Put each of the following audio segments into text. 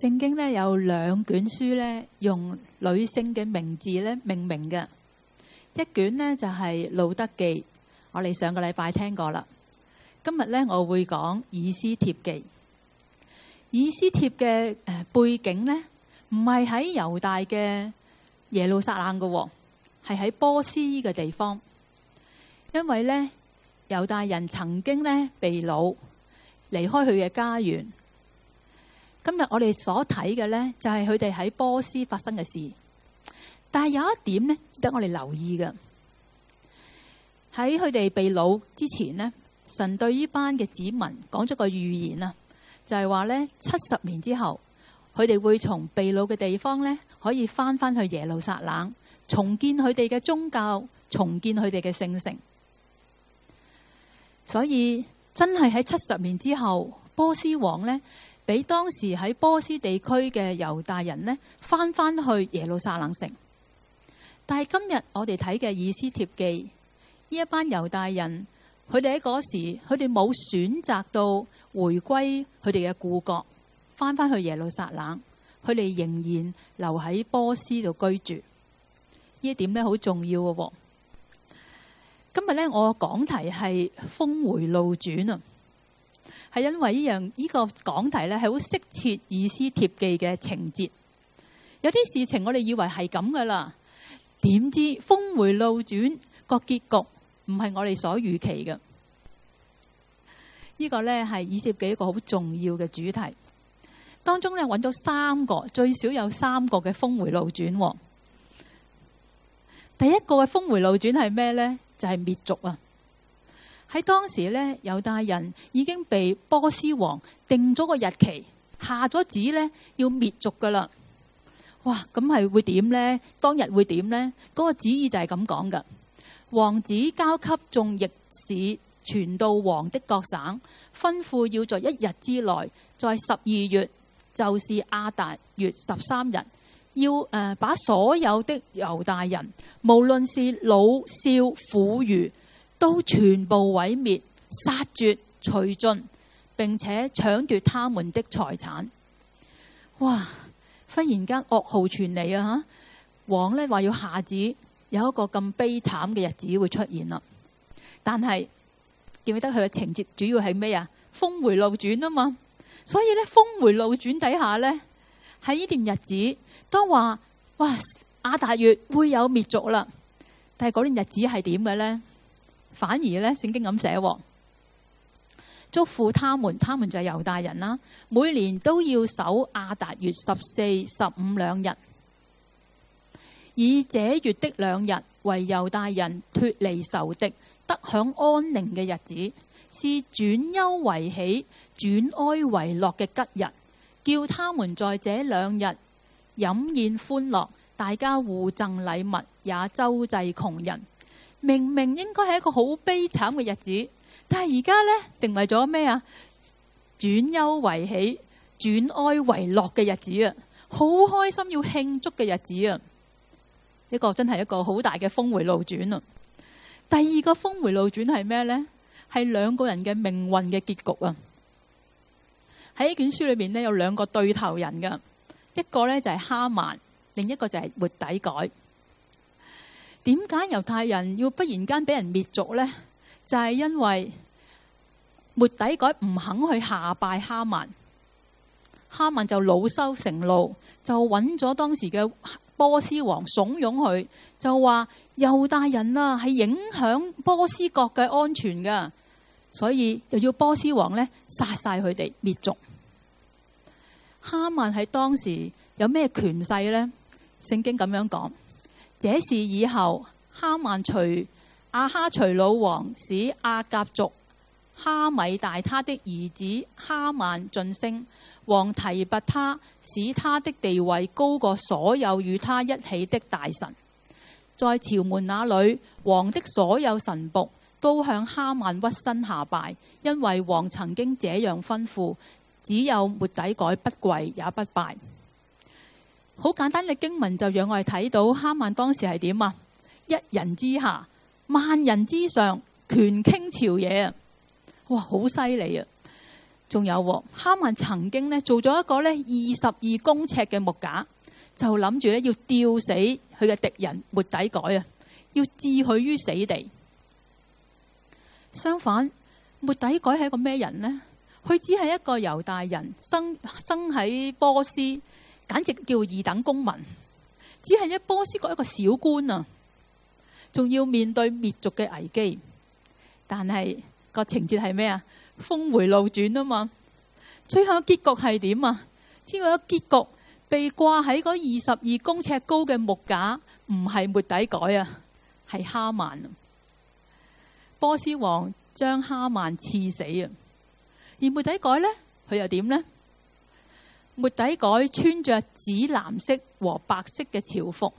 聖經咧有兩卷書咧用女性嘅名字咧命名嘅，一卷呢就係路德記，我哋上個禮拜聽過啦。今日咧我會講以斯帖記，以斯帖嘅誒背景呢，唔係喺猶大嘅耶路撒冷噶係喺波斯嘅地方，因為咧猶大人曾經咧被擄離開佢嘅家園。今日我哋所睇嘅呢，就係佢哋喺波斯發生嘅事。但係有一點呢，值得我哋留意嘅，喺佢哋被擄之前呢，神對呢班嘅子民講咗個預言啊，就係話呢，七十年之後，佢哋會從被擄嘅地方呢，可以翻翻去耶路撒冷，重建佢哋嘅宗教，重建佢哋嘅聖城。所以真係喺七十年之後，波斯王呢。畀當時喺波斯地區嘅猶大人呢，返返去耶路撒冷城。但係今日我哋睇嘅《以斯帖記》，呢一班猶大人，佢哋喺嗰時，佢哋冇選擇到回歸佢哋嘅故國，返返去耶路撒冷，佢哋仍然留喺波斯度居住。呢一點咧好重要嘅。今日咧，我嘅講題係峰迴路轉啊！係因為呢樣，呢個講題咧，係好適切《以斯帖記》嘅情節。有啲事情我哋以為係咁噶啦，點知峰回路轉，個結局唔係我哋所預期嘅。呢、呢個咧係《以斯帖記》一個好重要嘅主題。當中咧揾到三個，最少有三個嘅峰回路轉。第一個嘅峰回路轉係咩咧？就係、是、滅族啊！喺當時呢，猶大人已經被波斯王定咗個日期，下咗旨呢要滅族噶啦。哇！咁係會點呢？當日會點呢？嗰個旨意就係咁講噶。王子交給眾役使，傳到王的各省，吩咐要在一日之內，在十二月，就是亞達月十三日，要誒把所有的猶大人，無論是老少婦孺，都全部毀滅、殺絕、除盡，並且搶奪他們的財產。哇！忽然間噩耗傳嚟啊，吓，王呢話要下旨有一個咁悲慘嘅日子會出現啦。但係記唔記得佢嘅情節主要係咩啊？峰回路轉啊嘛，所以呢，峰回路轉底下呢，喺呢段日子，都話哇亞達月會有滅族啦，但係嗰段日子係點嘅呢？反而呢，聖經咁寫，囑咐他們，他們就係猶大人啦。每年都要守亞達月十四、十五兩日，以這月的兩日為猶大人脫離仇敵、得享安寧嘅日子，是轉憂為喜、轉哀為樂嘅吉日，叫他們在這兩日飲宴歡樂，大家互贈禮物，也周濟窮人。明明應該係一個好悲慘嘅日子，但係而家咧成為咗咩啊？轉憂為喜，轉哀為樂嘅日子啊，好開心要慶祝嘅日子啊！這個，真是一個真係一個好大嘅峰回路轉啊！第二個峰回路轉係咩呢？係兩個人嘅命運嘅結局啊！喺呢卷書裏邊呢，有兩個對頭人噶，一個呢就係哈曼，另一個就係活底改。點解猶太人要忽然間俾人滅族呢？就係因為末底改唔肯去下拜哈曼，哈曼就惱羞成怒，就揾咗當時嘅波斯王慫恿佢，就話猶大人啊係影響波斯國嘅安全噶，所以就要波斯王呢殺晒佢哋滅族。哈曼喺當時有咩權勢呢？聖經咁樣講。這事以後，哈曼隨亞哈隨魯王，使阿甲族哈米大他的兒子哈曼晉升，王提拔他，使他的地位高過所有與他一起的大臣。在朝門那裏，王的所有臣僕，都向哈曼屈身下拜，因為王曾經這樣吩咐：只有末底改不跪也不拜。好簡單嘅經文就讓我哋睇到哈曼當時係點啊？一人之下，萬人之上，權傾朝野啊！哇，好犀利啊！仲有哈曼曾經呢做咗一個呢二十二公尺嘅木架，就諗住呢要吊死佢嘅敵人末底改啊！要置佢於死地。相反，末底改係一個咩人呢？佢只係一個猶大人生生喺波斯。簡直叫二等公民，只係一波斯國一個小官啊！仲要面對滅族嘅危機，但係個情節係咩啊？峰回路轉啊嘛！最後結局係點啊？最後嘅結局被掛喺嗰二十二公尺高嘅木架，唔係末底改啊，係哈曼。波斯王將哈曼刺死啊，而末底改呢？佢又點呢？末底改穿着紫藍色和白色嘅朝服，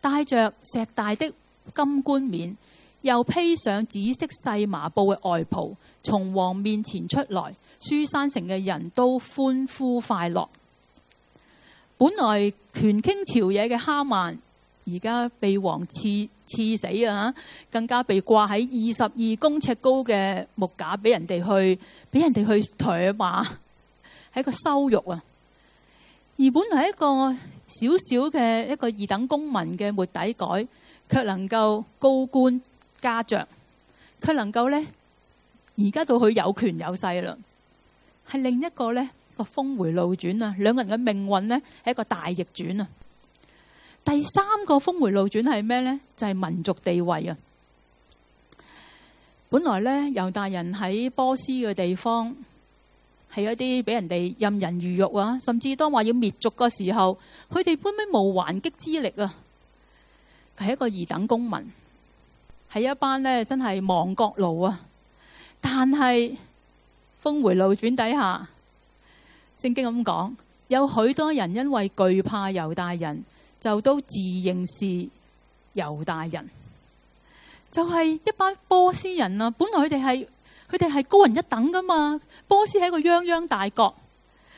戴着碩大的金冠冕，又披上紫色細麻布嘅外袍，從王面前出來。書珊城嘅人都歡呼快樂。本來權傾朝野嘅哈曼，而家被王刺刺死啊！更加被掛喺二十二公尺高嘅木架，俾人哋去俾人哋去唾罵，係一個羞辱啊！而本來一個小小嘅一個二等公民嘅末底改，卻能夠高官加爵，佢能夠呢，而家到佢有權有勢啦，係另一個呢，個峰回路轉啊！兩個人嘅命運呢，係一個大逆轉啊！第三個峰回路轉係咩呢？就係民族地位啊！本來呢，猶大人喺波斯嘅地方。係一啲俾人哋任人魚肉啊，甚至當話要滅族嘅時候，佢哋根本無還擊之力啊！佢係一個二等公民，係一班咧真係亡國奴啊！但係峰回路轉底下，聖經咁講，有許多人因為懼怕猶大人，就都自認是猶大人，就係、是、一班波斯人啊！本來佢哋係。佢哋係高人一等噶嘛？波斯係一個泱泱大國，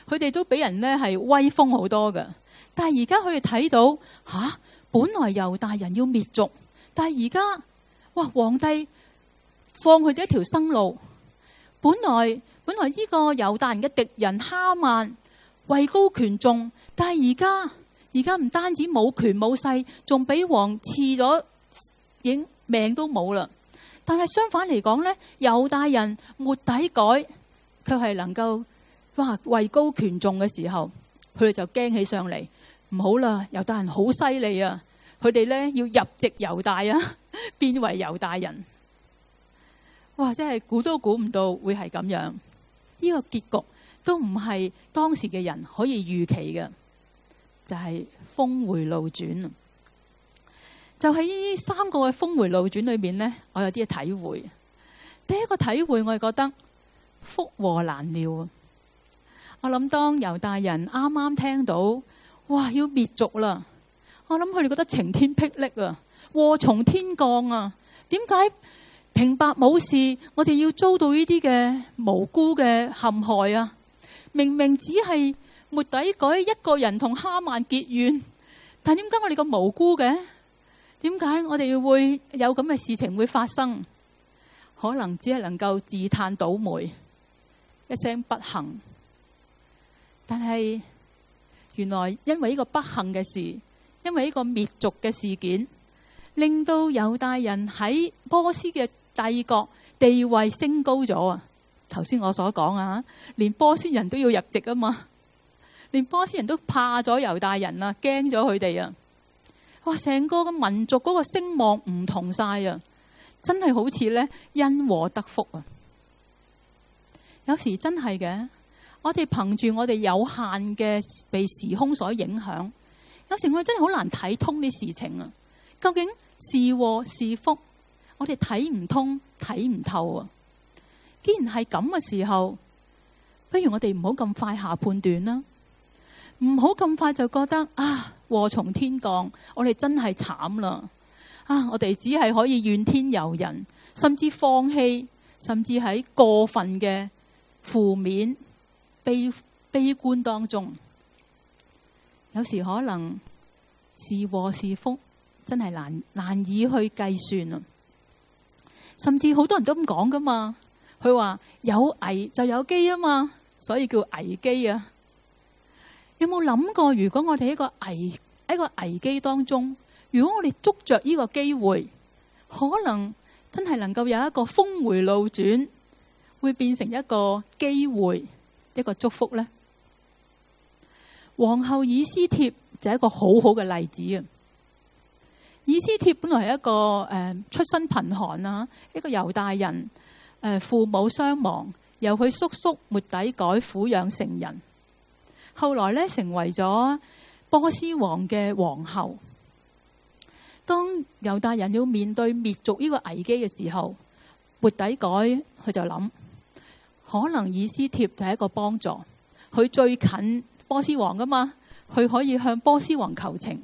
佢哋都俾人呢係威風好多噶。但係而家佢哋睇到，吓、啊、本來猶大人要滅族，但係而家，哇！皇帝放佢哋一條生路。本來本來呢個猶大人嘅敵人哈曼位高權重，但係而家而家唔單止冇權冇勢，仲俾王賜咗影命都冇啦。但係相反嚟講呢，猶大人末底改，卻係能夠哇，位高權重嘅時候，佢哋就驚起上嚟，唔好啦，猶大人好犀利啊！佢哋呢要入籍猶大啊，變為猶大人。哇！真係估都估唔到會係咁樣，呢個結局都唔係當時嘅人可以預期嘅，就係峰回路轉。就喺呢三個嘅峰迴路轉裏面呢，我有啲嘅體會。第一個體會，我覺得福禍難料啊！我諗當猶大人啱啱聽到，哇，要滅族啦！我諗佢哋覺得晴天霹靂啊，禍從天降啊。點解平白冇事，我哋要遭到呢啲嘅無辜嘅陷害啊？明明只係末底改一個人同哈曼結怨，但點解我哋咁無辜嘅？點解我哋會有咁嘅事情會發生？可能只係能夠自嘆倒霉，一聲不幸。但係原來因為呢個不幸嘅事，因為呢個滅族嘅事件，令到猶大人喺波斯嘅帝國地位升高咗啊！頭先我所講啊，連波斯人都要入籍啊嘛，連波斯人都怕咗猶大人啦，驚咗佢哋啊！哇！成個嘅民族嗰個聲望唔同晒啊，真係好似咧因禍得福啊！有時真係嘅，我哋憑住我哋有限嘅被時空所影響，有時我哋真係好難睇通啲事情啊！究竟是禍是福，我哋睇唔通睇唔透啊！既然係咁嘅時候，不如我哋唔好咁快下判斷啦，唔好咁快就覺得啊！禍從天降，我哋真係慘啦！啊，我哋只係可以怨天尤人，甚至放棄，甚至喺過分嘅負面悲悲觀當中，有時可能是禍是福，真係難難以去計算啊！甚至好多人都咁講噶嘛，佢話有危就有機啊嘛，所以叫危機啊！有冇諗過？如果我哋喺個危，喺個危機當中，如果我哋捉着呢個機會，可能真係能夠有一個峰回路轉，會變成一個機會，一個祝福呢？皇后以斯帖就係一個好好嘅例子啊！以斯帖本來係一個誒，出身貧寒啊，一個猶大人，誒，父母雙亡，由佢叔叔末底改撫養成人。後來咧，成為咗波斯王嘅皇后。當猶大人要面對滅族呢個危機嘅時候，末底改佢就諗，可能以斯帖就係一個幫助。佢最近波斯王㗎嘛，佢可以向波斯王求情，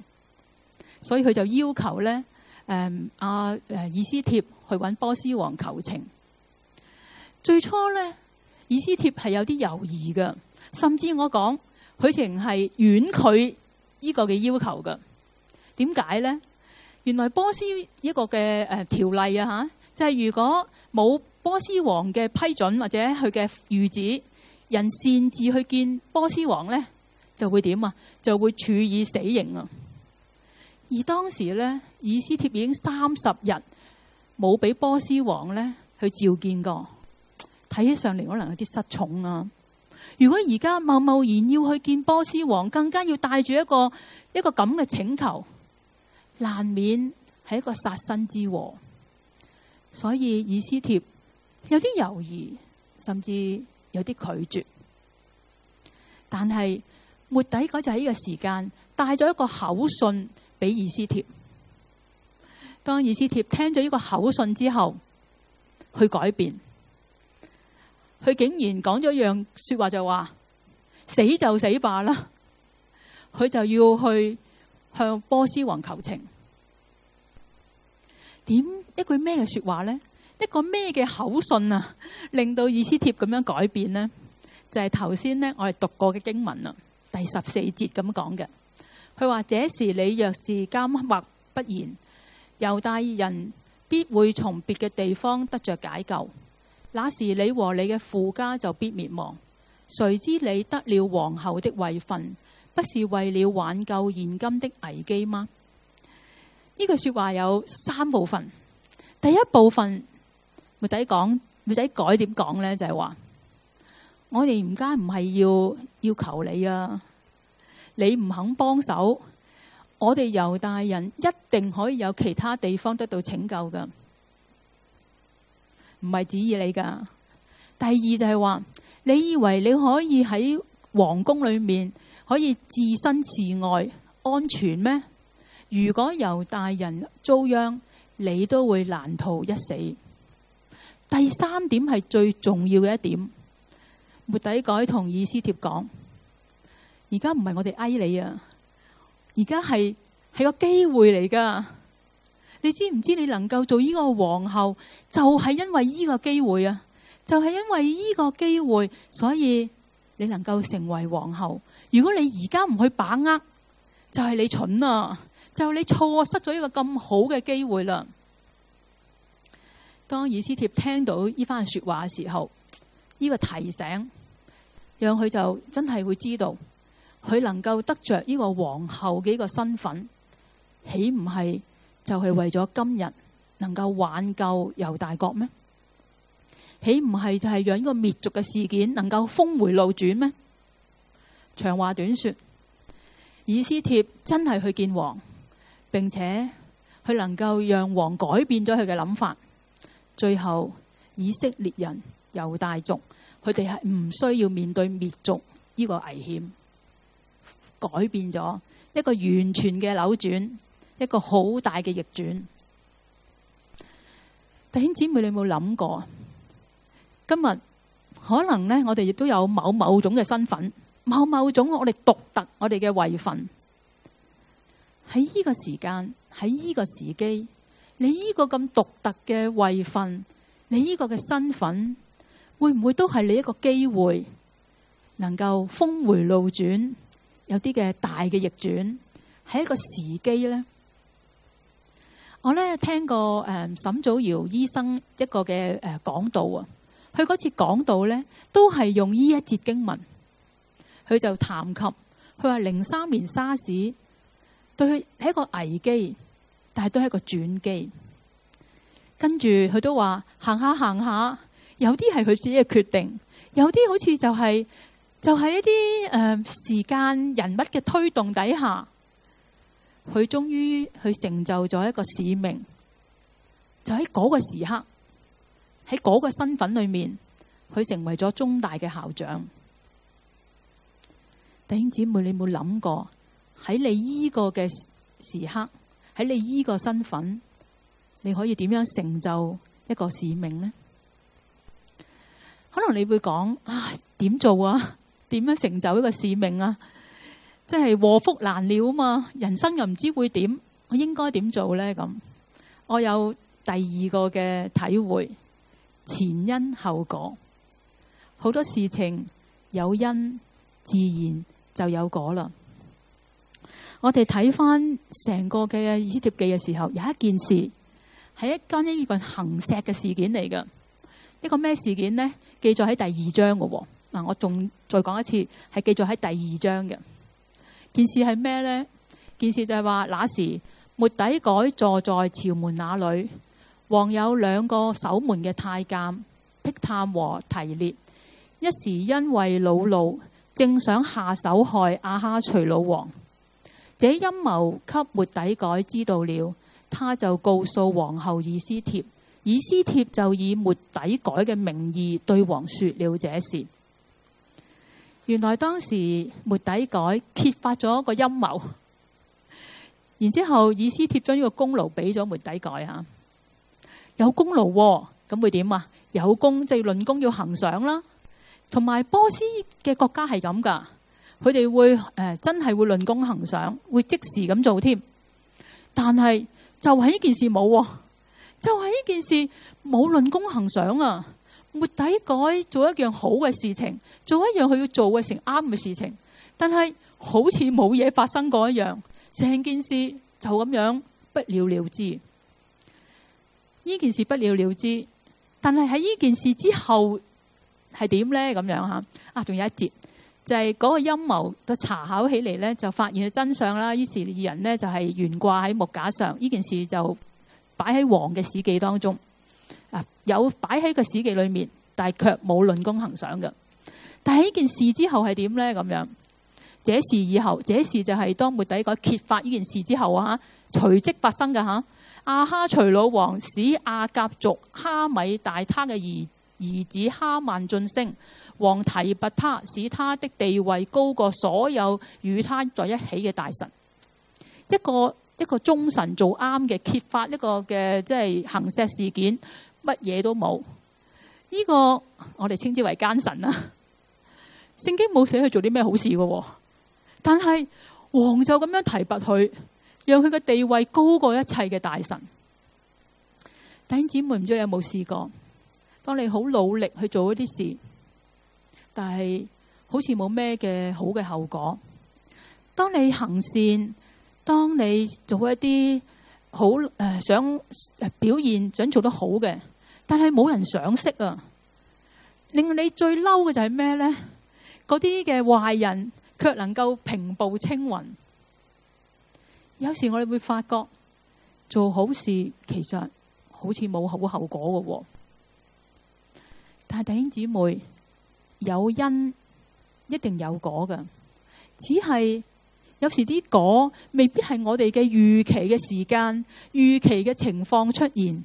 所以佢就要求咧，誒阿誒以斯帖去搵波斯王求情。最初咧，以斯帖係有啲猶豫嘅，甚至我講。佢哋係婉拒呢個嘅要求噶，點解咧？原來波斯一個嘅誒條例啊吓，就係、是、如果冇波斯王嘅批准或者佢嘅諭旨，人擅自去見波斯王咧，就會點啊？就會處以死刑啊！而當時咧，以斯帖已經三十日冇俾波斯王咧去召見過，睇起上嚟可能有啲失寵啊。如果現在貿貿而家貿貿然要去見波斯王，更加要帶住一個一個咁嘅請求，難免係一個殺身之禍。所以以斯帖有啲猶豫，甚至有啲拒絕。但係末底改就喺呢個時間帶咗一個口信俾以斯帖。當以斯帖聽咗呢個口信之後，去改變。佢竟然講咗一樣說話，就話死就死罷啦，佢就要去向波斯王求情。點一句咩嘅說話呢？一個咩嘅口信啊，令到以斯帖咁樣改變呢？就係頭先呢，我哋讀過嘅經文啊，第十四節咁講嘅。佢話，這時你若是緘口不言，猶大人必會從別嘅地方得着解救，那時你和你嘅父家就必滅亡。誰知你得了皇后的位份，不是為了挽救現今的危機嗎？呢、這、句、個、說話有三部分。第一部分，末底改講，末底改點講呢？就係、是、話：我哋而家唔係要要求你啊，你唔肯幫手，我哋猶大人一定可以有其他地方得到拯救噶。唔係指意你噶。第二就係話，你以為你可以喺皇宮裏面可以置身事外、安全咩？如果猶大人遭殃，你都會難逃一死。第三點係最重要嘅一點，末底改同以斯帖講。而家唔係我哋哀你啊，而家係係個機會嚟噶。你知唔知你能夠做呢個皇后，就係因為呢個機會啊！就係因為呢個機會，所以你能夠成為皇后。如果你而家唔去把握，就係你蠢啊！就你錯失咗一個咁好嘅機會啦。當以斯帖聽到呢番說話嘅時候，呢個提醒讓佢就真係會知道，佢能夠得着呢個皇后嘅一個身份，豈唔係？就係、是、為咗今日能夠挽救猶大國咩？豈唔係就係讓呢個滅族嘅事件能夠峰回路轉咩？長話短說，以斯帖真係去見王，並且佢能夠讓王改變咗佢嘅諗法，最後以色列人猶大族佢哋係唔需要面對滅族呢個危險，改變咗一個完全嘅扭轉。一個好大嘅逆轉，弟兄姊妹，你有冇諗過？今日可能呢，我哋亦都有某某種嘅身份，某某種我哋獨特我哋嘅位份，喺呢個時間，喺呢個時機，你呢個咁獨特嘅位份，你呢個嘅身份，會唔會都係你一個機會，能夠峰回路轉，有啲嘅大嘅逆轉，喺一個時機呢？我咧聽過誒沈祖堯醫生一個嘅誒講道啊，佢嗰次講道咧，都係用呢一節經文，佢就談及，佢話零三年沙士對佢係一個危機，但係都係一個轉機。跟住佢都話行下行下，有啲係佢自己嘅決定，有啲好似就係就係一啲誒時間人物嘅推動底下。佢終於去成就咗一個使命，就喺嗰個時刻，喺嗰個身份裏面，佢成為咗中大嘅校長。弟兄姊妹，你有冇諗過，喺你依個嘅時刻，喺你依個身份，你可以點樣成就一個使命呢？可能你會講啊，點做啊？點樣成就一個使命啊？即係禍福難料啊！嘛，人生又唔知會點，我應該點做咧？咁我有第二個嘅體會，前因後果好多事情有因自然就有果啦。我哋睇翻成個嘅以斯帖記嘅時候，有一件事係一一個行石嘅事件嚟㗎。一個咩事件呢？記載喺第二章嘅嗱。我仲再講一次，係記載喺第二章嘅。件事係咩呢？件事就係話那時末底改坐在朝門那裏，王有兩個守門嘅太監，辟探和提列，一時因為惱怒，正想下手害亞哈隨魯王。這陰謀給末底改知道了，他就告訴皇后以斯帖，以斯帖就以末底改嘅名義對王說了這事。原來當時末底改揭發咗個陰謀，然之後以斯貼將呢個功勞俾咗末底改啊，有功勞咁會點啊？有功即係論功要行賞啦，同埋波斯嘅國家係咁噶，佢哋會誒真係會論功行賞，會即時咁做添。但係就係呢件事冇，就係呢件事冇論功行賞啊！徹底改做一樣好嘅事情，做一樣佢要做嘅成啱嘅事情，但係好似冇嘢發生過一樣，成件事就咁樣不了了之。呢件事不了了之，但係喺呢件事之後係點咧？咁樣吓啊，仲有一節就係、是、嗰個陰謀，到查考起嚟咧，就發現咗真相啦。於是二人咧就係、是、懸掛喺木架上，呢件事就擺喺王嘅史記當中。啊！有擺喺個史記裏面，但係卻冇論功行賞嘅。但係呢件事之後係點呢？咁樣，這事以後，這事就係當末底改揭發呢件事之後啊，隨即發生嘅吓。阿、啊、哈隨魯王使阿甲族哈米大他嘅兒兒子哈曼晉升，王提拔他，使他的地位高過所有與他在一起嘅大臣。一個一個忠臣做啱嘅揭發，一個嘅即係行刺事件。乜嘢都冇，呢、這個我哋稱之為奸臣啦，啊。聖經冇寫佢做啲咩好事㗎，但係王就咁樣提拔佢，讓佢嘅地位高過一切嘅大臣。弟兄姊妹，唔知你有冇試過，當你好努力去做一啲事，但係好似冇咩嘅好嘅後果。當你行善，當你做一啲好誒、呃、想表現想做得好嘅。但係冇人賞識啊！令你最嬲嘅就係咩呢？嗰啲嘅壞人卻能夠平步青雲。有時我哋會發覺做好事其實好似冇好後果嘅。但係弟兄姊妹，有因一定有果㗎，只係有時啲果未必係我哋嘅預期嘅時間、預期嘅情況出現。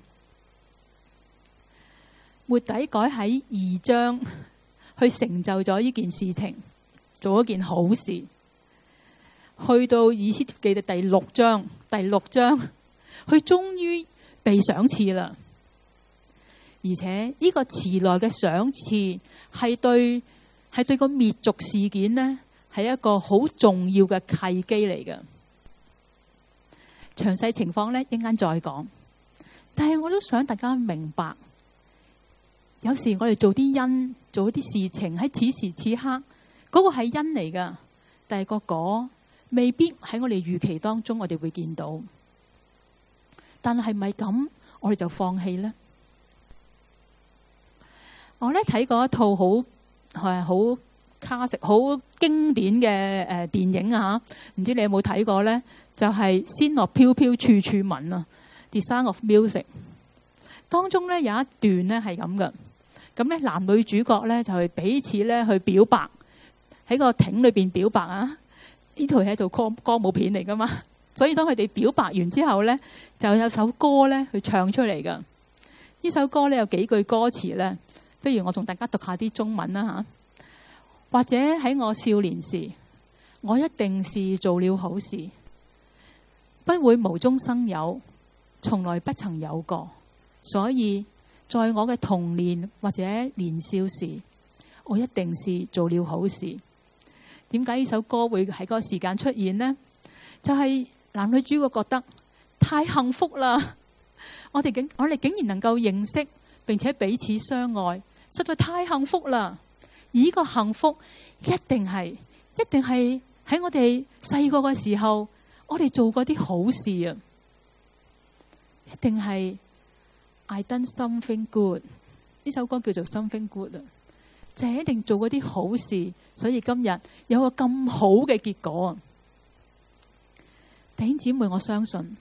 末底改喺二章去成就咗呢件事情，做一件好事。去到以斯帖記嘅第六章，第六章佢終於被賞賜啦。而且呢、這個遲來嘅賞賜係對係對個滅族事件呢，係一個好重要嘅契機嚟嘅。詳細情況呢，一陣間再講。但係我都想大家明白。有時我哋做啲因，做啲事情喺此時此刻，嗰、那個係因嚟㗎。但係個果未必喺我哋預期當中，我哋會見到。但係咪咁，我哋就放棄呢？我呢睇過一套好係好 classic、好經典嘅誒電影啊，唔知你有冇睇過呢？就係、是《仙樂飄飄處處聞》啊，《The Sound of Music》當中呢有一段呢係咁㗎。咁咧，男女主角咧就係彼此咧去表白，喺個艇裏邊表白啊！呢套係一套歌舞片嚟噶嘛，所以當佢哋表白完之後咧，就有首歌咧去唱出嚟噶。呢首歌咧有幾句歌詞咧，不如我同大家讀下啲中文啦吓，或者喺我少年時，我一定是做了好事，不會無中生有，從來不曾有過，所以。在我嘅童年或者年少時，我一定是做了好事。點解呢首歌會喺個時間出現呢？就係男女主角覺得太幸福啦！我哋竟我哋竟然能夠認識並且彼此相愛，實在太幸福啦！而呢個幸福一定係一定係喺我哋細個嘅時候，我哋做過啲好事啊！一定係。I donesomething good，呢首歌叫做 something good，啊，就一定做嗰啲好事，所以今日有個咁好嘅結果啊。弟兄姊妹，我相信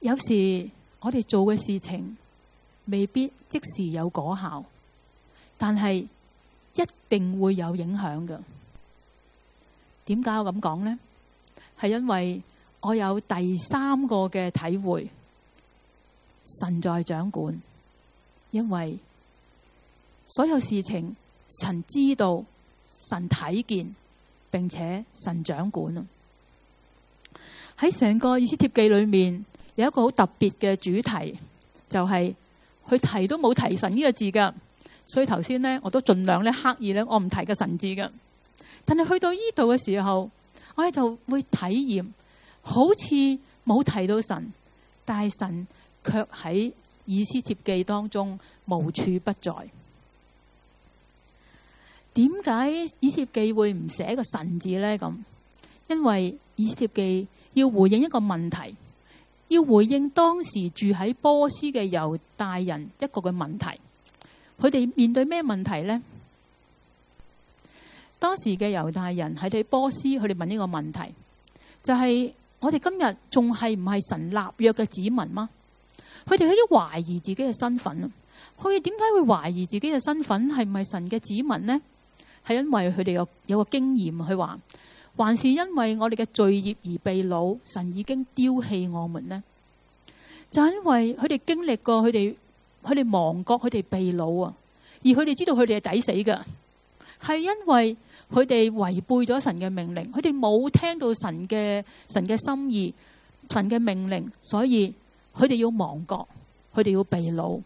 有時我哋做嘅事情未必即時有果效，但係一定會有影響嘅。點解我咁講咧？係因為我有第三個嘅體會。神在掌管，因為所有事情神知道、神睇見，並且神掌管。喺成個《以斯帖記》裏面有一個好特別嘅主題，就係、是、佢提都冇提神呢個字嘅，所以頭先呢，我都盡量咧刻意咧我唔提個神字嘅。但係去到呢度嘅時候，我哋就會體驗，好似冇提到神，但係神。卻喺以斯帖記當中無處不在。點解以斯帖記會唔寫一個神字呢？咁因為以斯帖記要回應一個問題，要回應當時住喺波斯嘅猶大人一個嘅問題。佢哋面對咩問題呢？當時嘅猶大人喺地波斯，佢哋問呢個問題，就係、是、我哋今日仲係唔係神立約嘅子民嗎？佢哋喺度懷疑自己嘅身份啊！佢哋點解會懷疑自己嘅身份係唔係神嘅子民呢？係因為佢哋有有個經驗，佢話，還是因為我哋嘅罪孽而被擄，神已經丟棄我們呢？就因為佢哋經歷過佢哋佢哋亡國，佢哋被擄啊！而佢哋知道佢哋係抵死嘅，係因為佢哋違背咗神嘅命令，佢哋冇聽到神嘅神嘅心意，神嘅命令，所以。佢哋要亡國，佢哋要被擄，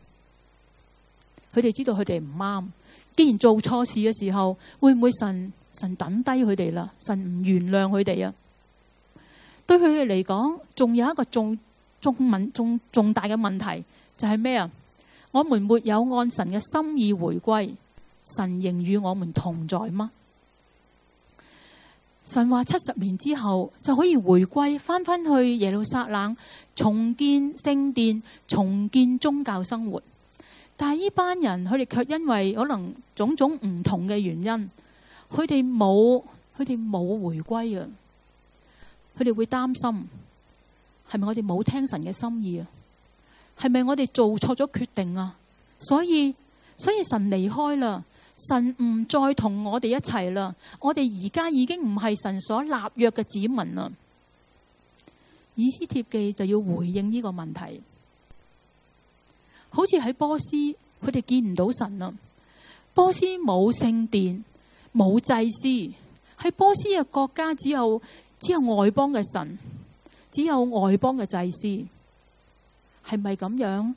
佢哋知道佢哋唔啱。既然做錯事嘅時候，會唔會神神等低佢哋啦？神唔原諒佢哋啊？對佢哋嚟講，仲有一個重重問重重大嘅問題就係咩啊？我們沒有按神嘅心意回歸，神仍與我們同在嗎？神話七十年之後就可以回歸，翻翻去耶路撒冷重建聖殿、重建宗教生活。但係呢班人，佢哋卻因為可能種種唔同嘅原因，佢哋冇，佢哋冇回歸啊！佢哋會擔心，係咪我哋冇聽神嘅心意啊？係咪我哋做錯咗決定啊？所以，所以神離開啦。神唔再同我哋一齊啦，我哋而家已經唔係神所立約嘅子民啦。以斯帖記就要回應呢個問題，好似喺波斯佢哋見唔到神啦，波斯冇聖殿，冇祭司，喺波斯嘅國家只有只有外邦嘅神，只有外邦嘅祭司，係咪咁樣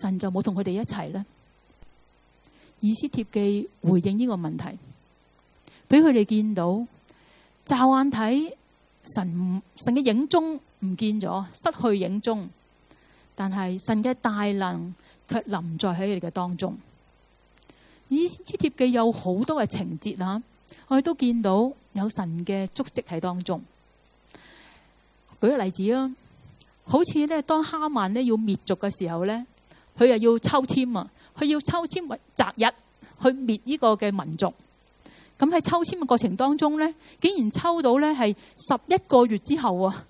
神就冇同佢哋一齊呢？以斯帖記回應呢個問題，俾佢哋見到，乍眼睇神神嘅影蹤唔見咗，失去影蹤，但係神嘅大能卻臨在喺佢哋嘅當中。以斯帖記有好多嘅情節啊，我哋都見到有神嘅足跡喺當中。舉個例子啊，好似咧當哈曼咧要滅族嘅時候咧，佢又要抽簽啊。佢要抽籤為擇日去滅呢個嘅民族，咁喺抽籤嘅過程當中呢，竟然抽到呢係十一個月之後啊，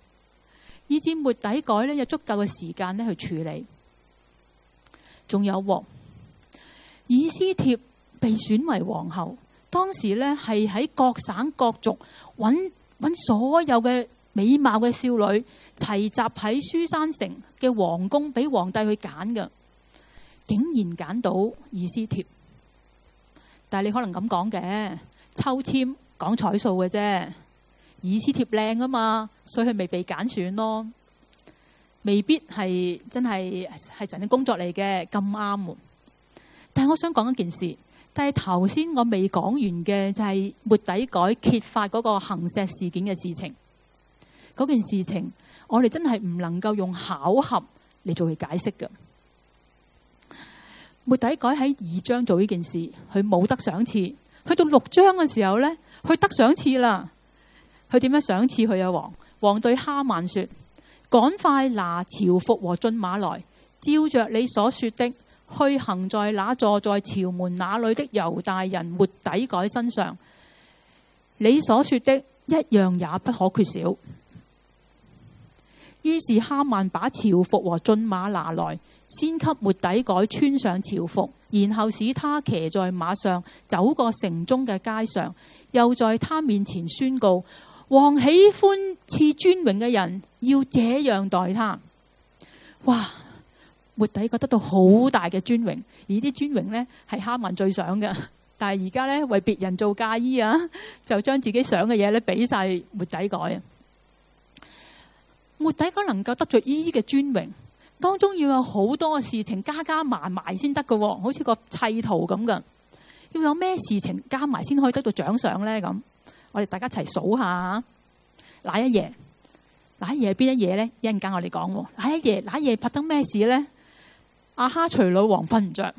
以至末底改呢有足夠嘅時間呢去處理。仲有喎，以斯帖被選為皇后，當時呢係喺各省各族揾揾所有嘅美貌嘅少女，齊集喺書山城嘅皇宮俾皇帝去揀嘅。竟然揀到以斯帖，但係你可能咁講嘅，抽籤講彩數嘅啫，以斯帖靚啊嘛，所以佢未被揀選咯，未必係真係係神嘅工作嚟嘅咁啱。但係我想講一件事，但係頭先我未講完嘅就係末底改揭發嗰個行石事件嘅事情，嗰件事情我哋真係唔能夠用巧合嚟做去解釋嘅。末底改喺二章做呢件事，佢冇得賞賜。去到六章嘅時候呢，佢得賞賜啦。佢點樣賞賜佢啊？王王對哈曼說：趕快拿朝服和駿馬來，照着你所說的去行在那坐在朝門那裏的猶大人末底改身上。你所說的，一樣也不可缺少。於是哈曼把朝服和駿馬拿來。先給末底改穿上朝服，然後使他騎在馬上，走過城中嘅街上，又在他面前宣告：王喜歡賜尊榮嘅人，要這樣待他。哇！末底改得到好大嘅尊榮，而啲尊榮呢係哈曼最想嘅，但係而家呢，為別人做嫁衣啊，就將自己想嘅嘢呢俾晒末底改啊！末底改能夠得到呢啲嘅尊榮。當中要有好多事情加加埋埋先得㗎，好似個砌圖咁㗎，要有咩事情加埋先可以得到獎賞咧？咁我哋大家一齊數下，哪一夜？哪一夜係邊一夜咧？一陣間我哋講。哪一夜？哪一夜發生咩事咧？阿、啊、哈隨女王瞓唔着，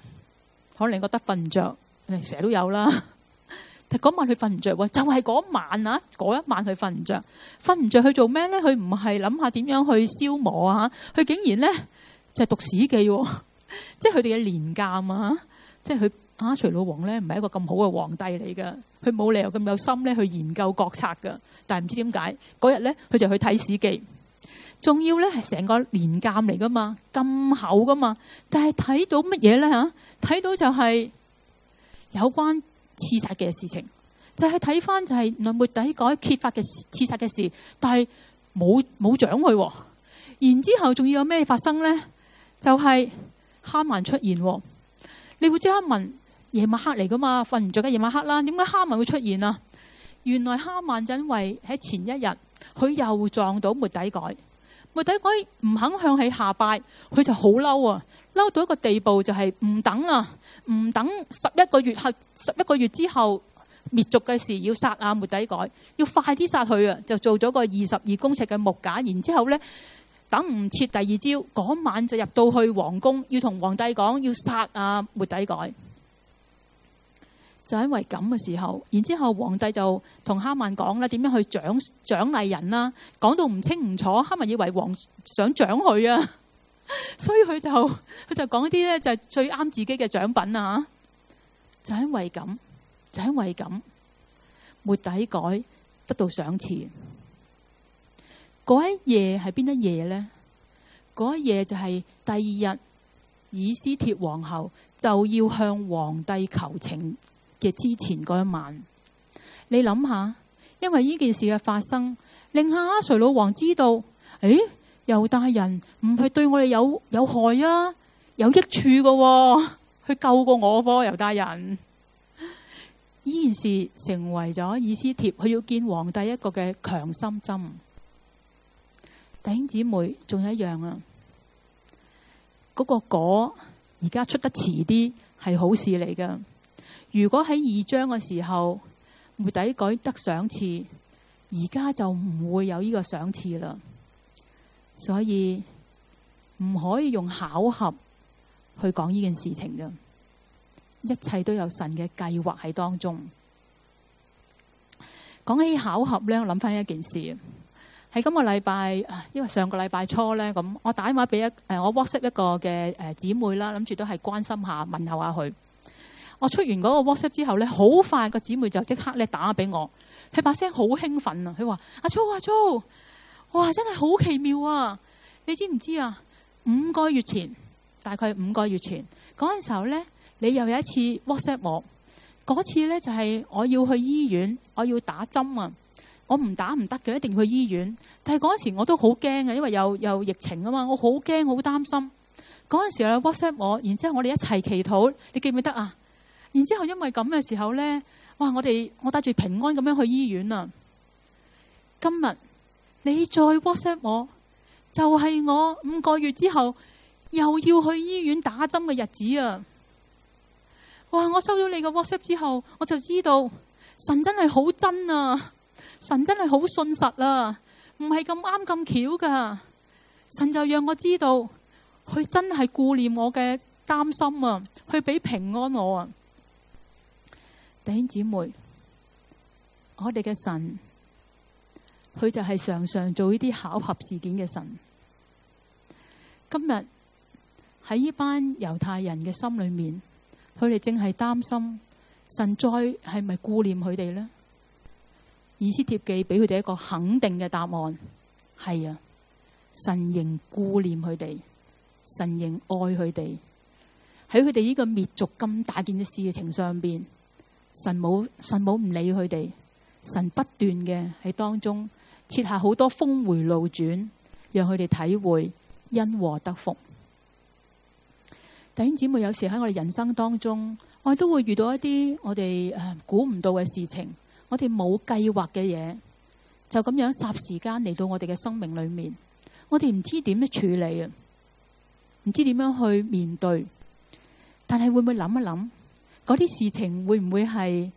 可能你覺得瞓唔着，你成日都有啦。嗰晚佢瞓唔着喎，就係嗰晚啊，嗰一晚佢瞓唔着，瞓唔着去做咩咧？佢唔係諗下點樣去消磨啊？佢竟然咧就係、是、讀史記， 即係佢哋嘅年鑑啊！即係佢阿徐老王咧，唔係一個咁好嘅皇帝嚟噶，佢冇理由咁有心咧去研究國策噶。但係唔知點解嗰日咧，佢就去睇史記，仲要咧係成個年鑑嚟噶嘛，咁厚噶嘛。但係睇到乜嘢咧嚇？睇到就係有關。刺殺嘅事情，就係睇返就係原來末底改揭發嘅刺殺嘅事，但係冇冇賞佢，然之後仲要有咩發生咧？就係、是、哈曼出現，你會即刻問：夜晚黑嚟㗎嘛？瞓唔着嘅夜晚黑啦，點解哈曼會出現啊？原來哈曼就因為喺前一日佢又撞到末底改。末底改唔肯向佢下拜，佢就好嬲啊！嬲到一個地步就係唔等啊，唔等十一個月後，十一個月之後滅族嘅事要殺啊！末底改要快啲殺佢啊！就做咗個二十二公尺嘅木架，然之後咧，等唔切第二朝嗰晚就入到去皇宮，要同皇帝講要殺啊！末底改。就因為咁嘅時候，然之後皇帝就同哈曼講啦，點樣去獎獎勵人啦？講到唔清唔楚，哈曼以為皇上想獎佢啊，所以佢就佢就講啲咧就係最啱自己嘅獎品啊。就因為咁，就因為咁，末底改得到賞賜。嗰一夜係邊一夜呢？嗰一夜就係第二日，以斯帖皇后就要向皇帝求情。嘅之前嗰一晚，你諗下，因為呢件事嘅發生，令下亞哈隨魯王知道，誒、欸，猶大人唔係對我哋有有害啊，有益處嘅、啊，佢救過我喎猶大人，依然是成為咗以斯帖，佢要見皇帝一個嘅強心針。弟兄姊妹，仲有一樣啊，嗰、那個果而家出得遲啲係好事嚟嘅。如果喺二章嘅時候，末底改得賞賜，而家就唔會有呢個賞賜啦。所以唔可以用巧合去講呢件事情嘅，一切都有神嘅計劃喺當中。講起巧合咧，我諗翻一件事，喺今個禮拜，因為上個禮拜初咧，咁我打電話俾一誒我 WhatsApp 一個嘅誒姊妹啦，諗住都係關心一下問候一下佢。我出完嗰個 WhatsApp 之後咧，好快個姊妹就即刻咧打俾我，佢把聲好興奮啊！佢話：阿粗阿粗，哇真係好奇妙啊！你知唔知啊？五個月前，大概五個月前嗰陣時候咧，你又有一次 WhatsApp 我，嗰次咧就係我要去醫院，我要打針啊！我唔打唔得嘅，一定要去醫院。但係嗰時我都好驚啊，因為又又疫情啊嘛，我好驚我好擔心。嗰陣時呢你 WhatsApp 我，然之後我哋一齊祈禱，你記唔記得啊？然之後，因為咁嘅時候咧，哇！我哋我帶住平安咁樣去醫院啊。今日你再 WhatsApp 我，就係、是、我五個月之後又要去醫院打針嘅日子啊！哇！我收到你個 WhatsApp 之後，我就知道神真係好真啊，神真係好信實啊，唔係咁啱咁巧噶。神就讓我知道佢真係顧念我嘅擔心啊，去俾平安我啊。弟兄姊妹，我哋嘅神，佢就係常常做呢啲巧合事件嘅神。今日喺呢班猶太人嘅心裏面，佢哋淨係擔心神再係咪顧念佢哋呢？以斯帖記俾佢哋一個肯定嘅答案，係啊，神仍顧念佢哋，神仍愛佢哋。喺佢哋呢個滅族咁大件嘅事情上邊。神冇神冇唔理佢哋，神不斷嘅喺當中設下好多峰回路轉，讓佢哋體會因禍得福。弟兄姊妹，有時喺我哋人生當中，我哋都會遇到一啲我哋誒估唔到嘅事情，我哋冇計劃嘅嘢就咁樣霎時間嚟到我哋嘅生命裏面，我哋唔知點樣處理啊，唔知點樣去面對，但係會唔會諗一諗？嗰啲事情會唔會係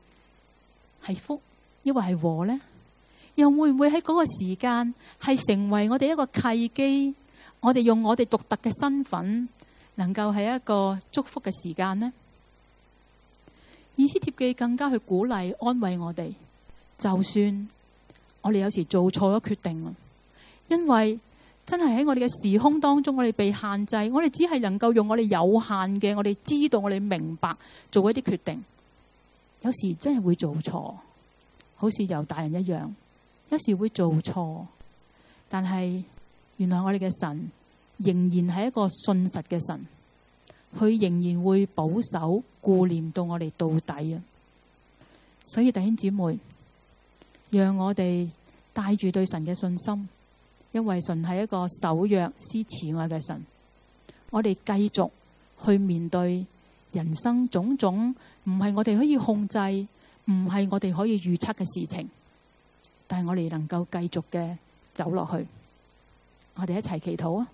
係福，抑或係禍呢？又會唔會喺嗰個時間係成為我哋一個契機？我哋用我哋獨特嘅身份，能夠係一個祝福嘅時間呢？以斯帖記更加去鼓勵安慰我哋，就算我哋有時做錯咗決定，因為。真係喺我哋嘅時空當中，我哋被限制，我哋只係能夠用我哋有限嘅，我哋知道，我哋明白做一啲決定。有時真係會做錯，好似猶大人一樣，有時會做錯。但係原來我哋嘅神仍然係一個信實嘅神，佢仍然會保守顧念到我哋到底啊！所以弟兄姊妹，讓我哋帶住對神嘅信心。因為神係一個守約施慈愛嘅神，我哋繼續去面對人生種種唔係我哋可以控制、唔係我哋可以預測嘅事情，但係我哋能夠繼續嘅走落去，我哋一齊祈禱啊！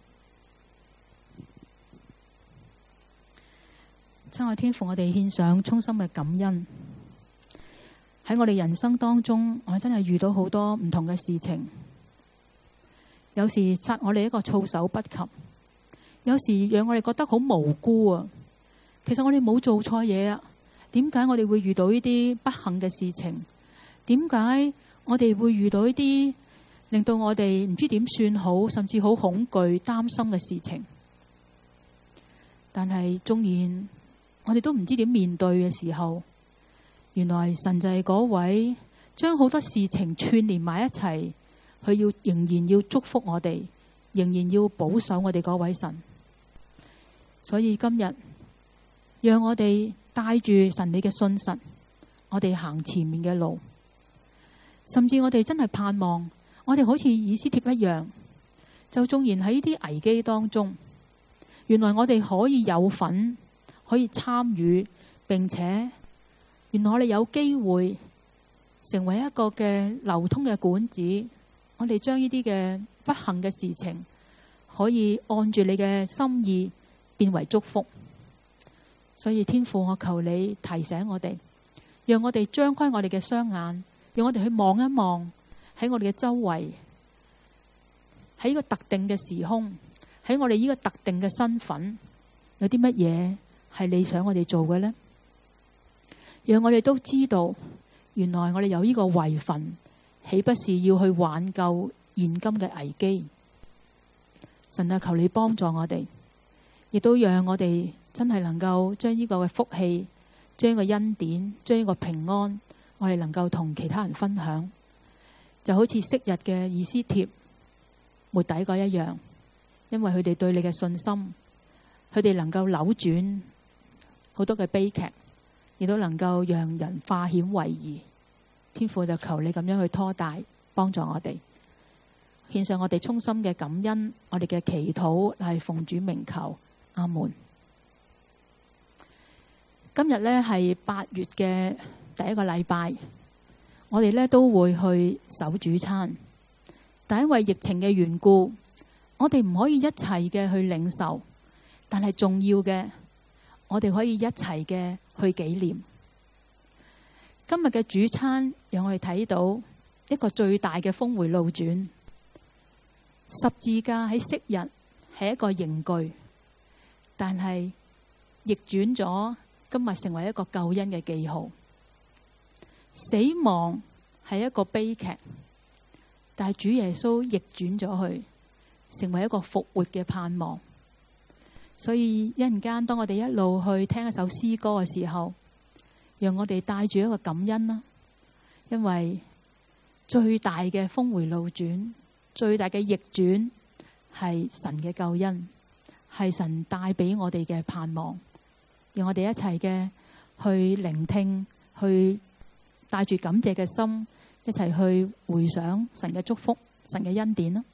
親愛天父，我哋獻上衷心嘅感恩。喺我哋人生當中，我真係遇到好多唔同嘅事情。有時殺我哋一個措手不及，有時讓我哋覺得好無辜啊！其實我哋冇做錯嘢啊，點解我哋會遇到呢啲不幸嘅事情？點解我哋會遇到呢啲令到我哋唔知點算好，甚至好恐懼、擔心嘅事情？但係終然，我哋都唔知點面對嘅時候，原來神就係嗰位將好多事情串聯埋一齊。佢要仍然要祝福我哋，仍然要保守我哋嗰位神。所以今日讓我哋帶住神你嘅信實，我哋行前面嘅路。甚至我哋真係盼望，我哋好似以斯帖一樣，就縱然喺呢啲危機當中，原來我哋可以有份，可以參與，並且原來我哋有機會成為一個嘅流通嘅管子。我哋將呢啲嘅不幸嘅事情，可以按住你嘅心意變為祝福。所以天父，我求你提醒我哋，讓我哋張開我哋嘅雙眼，讓我哋去望一望喺我哋嘅周圍，喺呢個特定嘅時空，喺我哋呢個特定嘅身份，有啲乜嘢係你想我哋做嘅呢？讓我哋都知道，原來我哋有呢個遺訓。豈不是要去挽救現今嘅危機？神啊，求你幫助我哋，亦都讓我哋真係能夠將呢個嘅福氣、將個恩典、將呢個平安，我哋能夠同其他人分享，就好似昔日嘅以斯帖末底改一樣，因為佢哋對你嘅信心，佢哋能夠扭轉好多嘅悲劇，亦都能夠讓人化險為夷。天父就求你咁樣去拖帶幫助我哋，獻上我哋衷心嘅感恩，我哋嘅祈禱係、就是、奉主名求，阿門。今日呢係八月嘅第一個禮拜，我哋呢都會去守主餐，但因為疫情嘅緣故，我哋唔可以一齊嘅去領受，但係重要嘅，我哋可以一齊嘅去紀念。今日嘅主餐讓我哋睇到一個最大嘅峰回路轉。十字架喺昔日係一個刑具，但係逆轉咗，今日成為一個救恩嘅記號。死亡係一個悲劇，但係主耶穌逆轉咗去，成為一個復活嘅盼望。所以一陣間，當我哋一路去聽一首詩歌嘅時候，讓我哋帶住一個感恩啦。因為最大嘅峰回路轉，最大嘅逆轉係神嘅救恩，係神帶俾我哋嘅盼望。讓我哋一齊嘅去聆聽，去帶住感謝嘅心，一齊去回想神嘅祝福、神嘅恩典啦。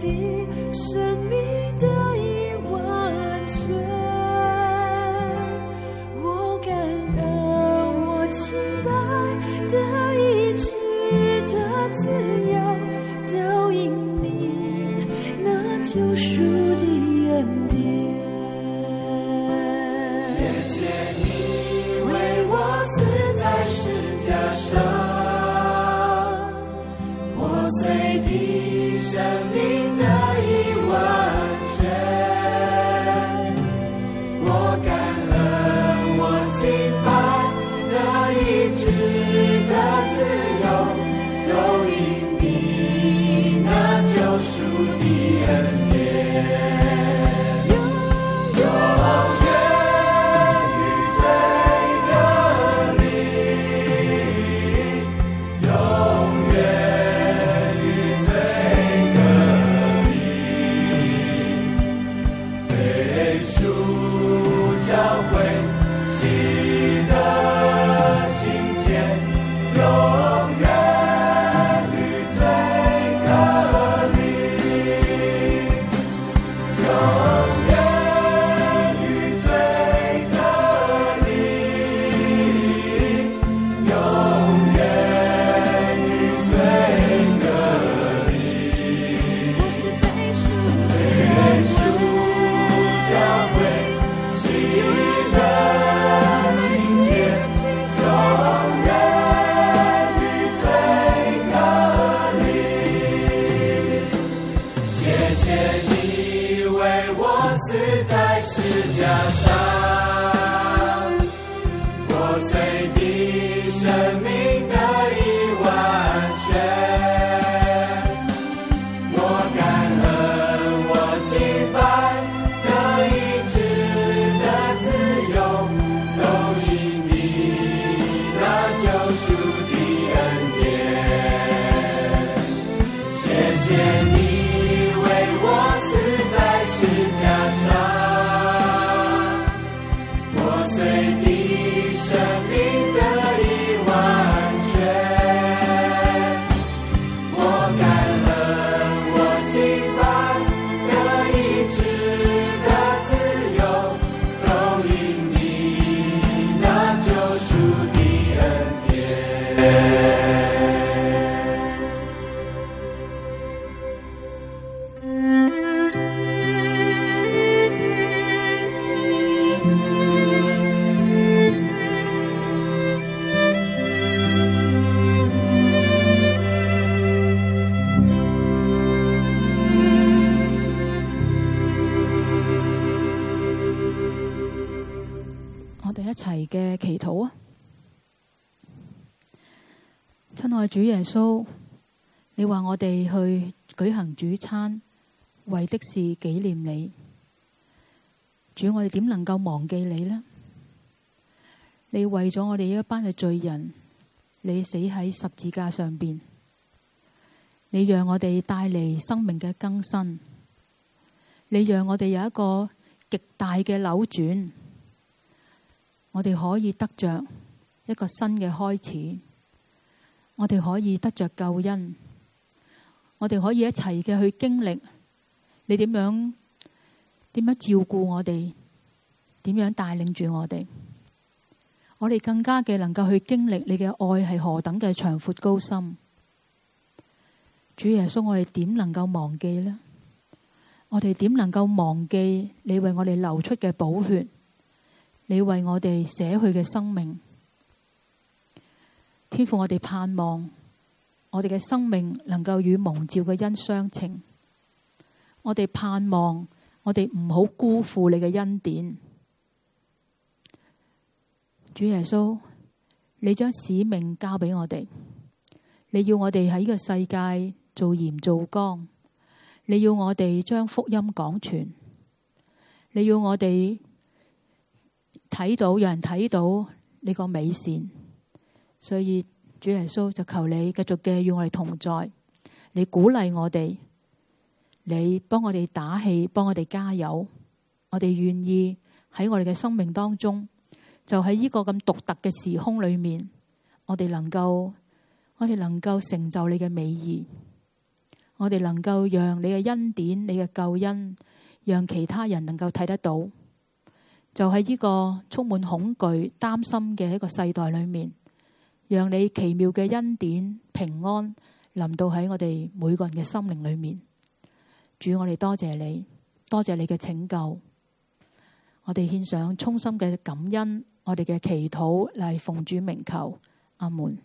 的生命。主耶穌，你話我哋去舉行主餐，為的是紀念你。主，我哋點能夠忘記你呢？你為咗我哋一班嘅罪人，你死喺十字架上邊，你讓我哋帶嚟生命嘅更新，你讓我哋有一個極大嘅扭轉，我哋可以得着一個新嘅開始。我哋可以得着救恩，我哋可以一齊嘅去經歷你點樣，點樣照顧我哋，點樣帶領住我哋，我哋更加嘅能夠去經歷你嘅愛係何等嘅長闊高深。主耶穌，我哋點能夠忘記呢？我哋點能夠忘記你為我哋流出嘅寶血，你為我哋捨去嘅生命。天父，我哋盼望我哋嘅生命能夠與蒙召嘅恩相稱。我哋盼望我哋唔好辜負你嘅恩典。主耶穌，你將使命交俾我哋。你要我哋喺呢個世界做鹽做光。你要我哋將福音講全。你要我哋睇到，讓人睇到你個美善。所以，主耶穌就求你繼續嘅與我哋同在，你鼓勵我哋，你幫我哋打氣，幫我哋加油。我哋願意喺我哋嘅生命當中，就喺呢個咁獨特嘅時空裏面，我哋能夠，我哋能夠成就你嘅美意，我哋能夠讓你嘅恩典、你嘅救恩，讓其他人能夠睇得到。就喺呢個充滿恐懼、擔心嘅一個世代裏面。讓你奇妙嘅恩典平安臨到喺我哋每個人嘅心靈裏面。主，我哋多謝你，多謝你嘅拯救。我哋獻上衷心嘅感恩，我哋嘅祈禱嚟奉主名求。阿門。